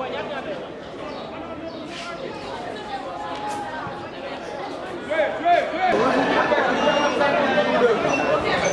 Thank you.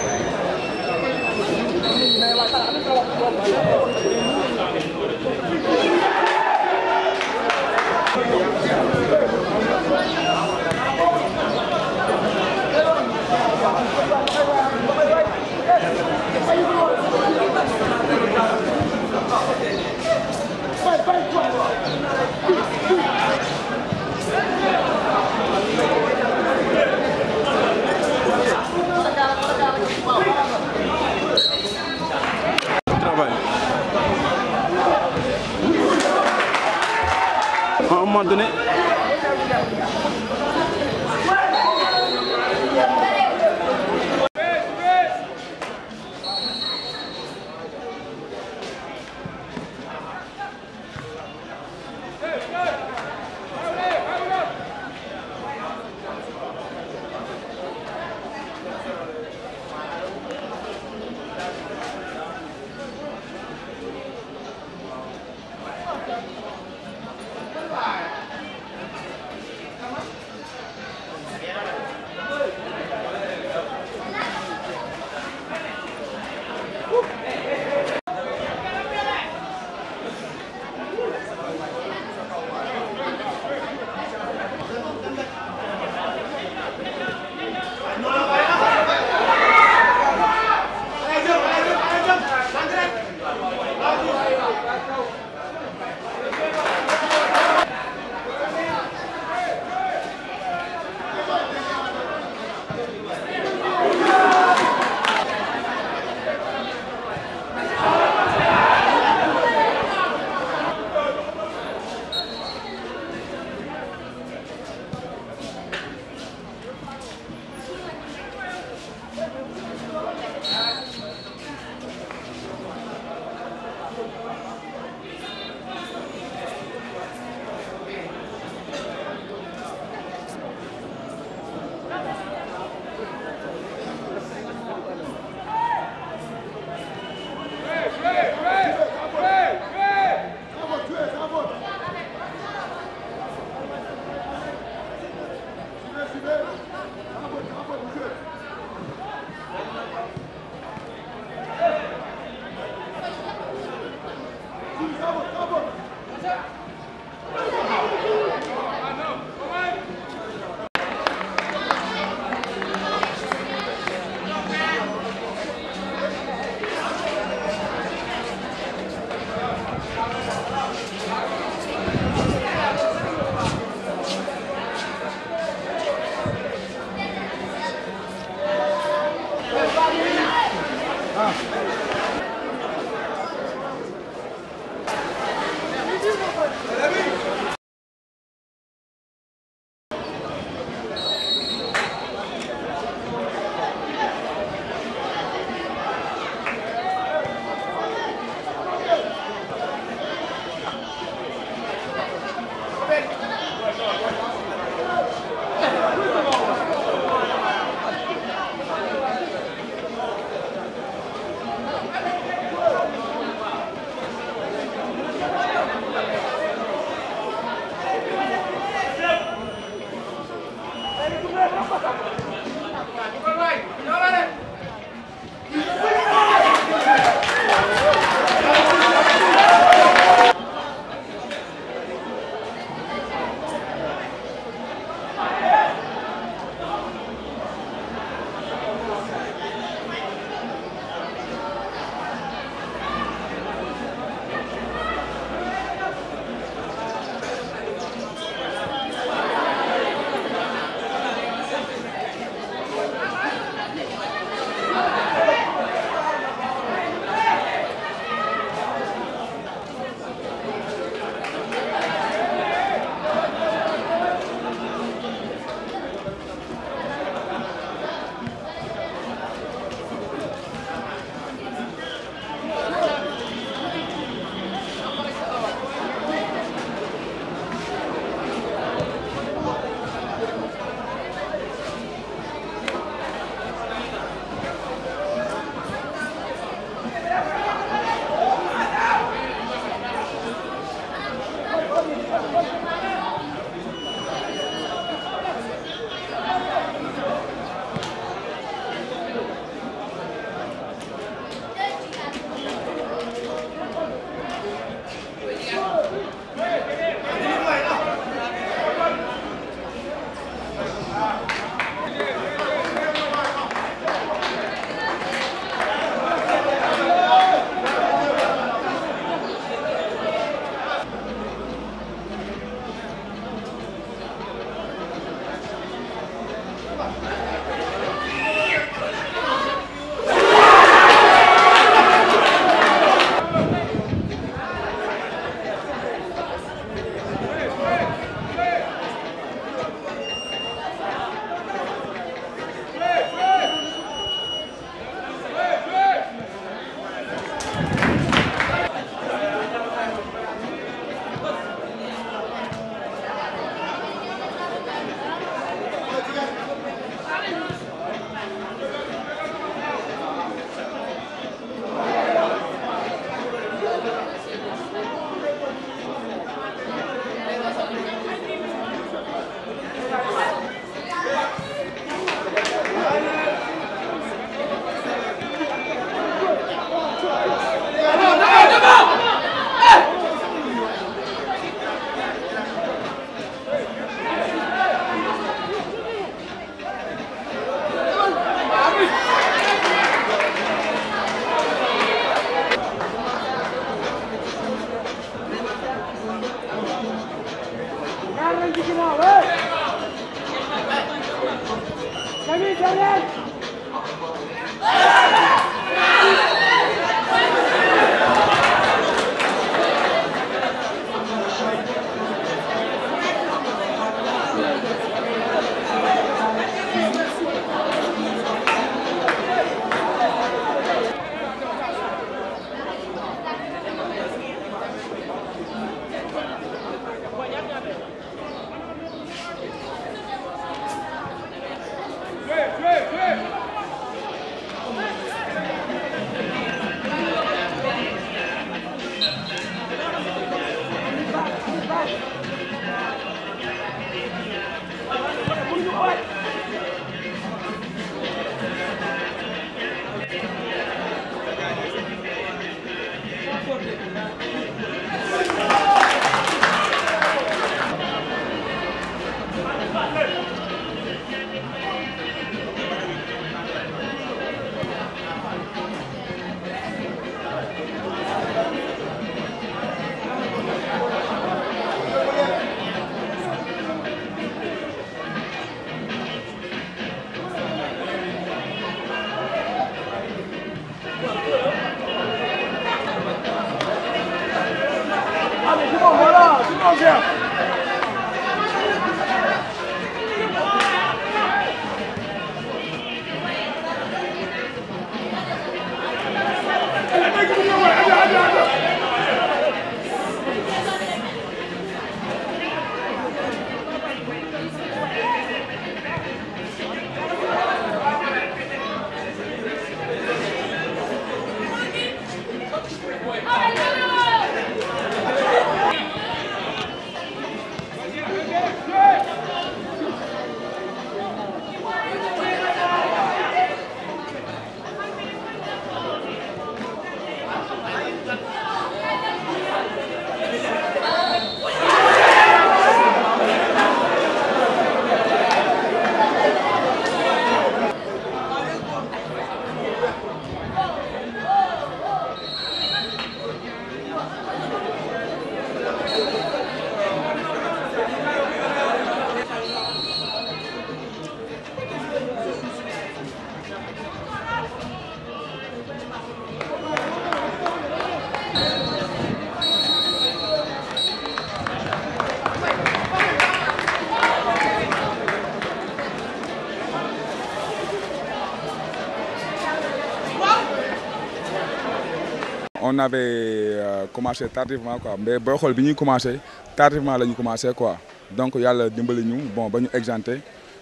on avait euh, commencé tardivement quoi mais booy xool bi ñuy commencé tardivement la ñu commencé quoi donc yàlla dimbali ñu bon ba exempté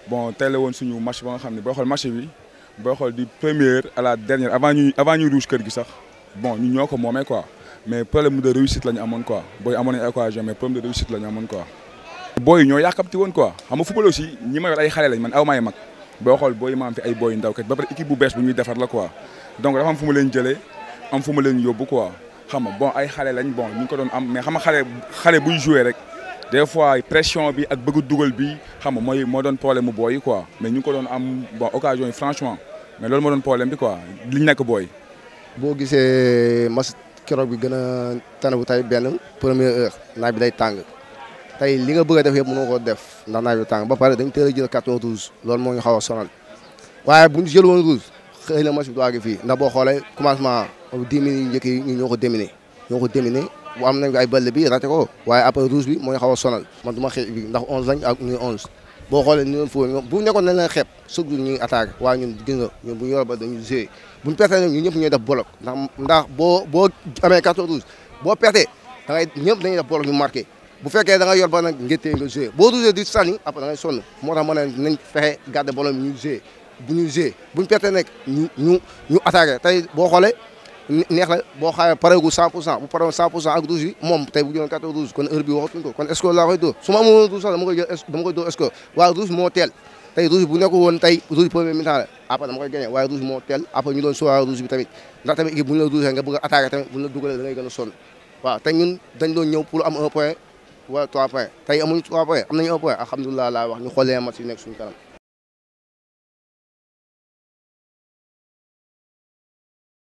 bon tel woon suñu match ba nga xam ne booy xool match bi booy xool du première à la dernière avant ñu avant ñu rouge quelque gi sax bon ñu ñoo ko moomee quoi mais problème de réussite la ñu amoon quoi bon amoon nañu quoi jamais problème de réussite la ñu amoon quoi. booy ñoo a woon quoi xam nga football aussi ñi ma yor ay xale lañ man aw maay mag boy xool booy ma am fi ay booy ndaw kat ba équipe bu bees bu ñuy defar la quoi donc dafa am fu leen jëlee am fuma ma leen yóbbu quoi xam bon ay xalé lañ bon ñu ngi ko doon am mais xam xalé xalé buñ jouer rek des fois pression bi ak bëgg dugal bi xam moy mo doon problème boy booy quoi mais ñu ngi ko doon am bon occasion franchement mais loolu mo doon problème bi quoi liñ nek boy bo gisee mas keroog bi gëna a tay bu tey première heure naaj bi day tang tay li nga bëgg def yëpp mëno ko def ndax na bi tang ba paré dañ teel jël carton rouge loolu mo ñu xaw a sonal waye buñ jël woon rouge xëy na match bi do àgg fi ndax bo xolé commencement. dix minutes yu njëkk yi ñu ñoo ko déminé ñoo ko déminé bu am nañ ko ay balle bi waaye après rouge bi moo xaw a sonal ma xeeb bi ndax ñu onze waaye ñu yor ba ñu da ngay ñëpp dañuy def bloc bu da nga yor ba nag ngéttee nga joué boo rouge di sànni après da ngay sonn moo tax ma ne nañ fexe garder ballon bi ñu joué bu ñu joué bu boo xoolee neex na boo xaawee pareegu 100 pour cent bu pareewoon 100 pour cent ak 12 bi moom tey bu kon heure bi waxatuñ ko kon score laa koy dóor su ma amoon 12 sax dama koy jël dama koy dóor score waaye woon tey 12 premier mi-temps la après dama koy gagné waaye 12 moo teel après ñu doon suwaa 12 bi tamit ndax tamit équipe bu ñu la 12 nga a attaqué tamit bu ñu la dugalee da ngay gën a sonn waaw te ñun dañ doon ñëw pour am un point wala trois point alhamdulilah laa yi nekk suñu kanam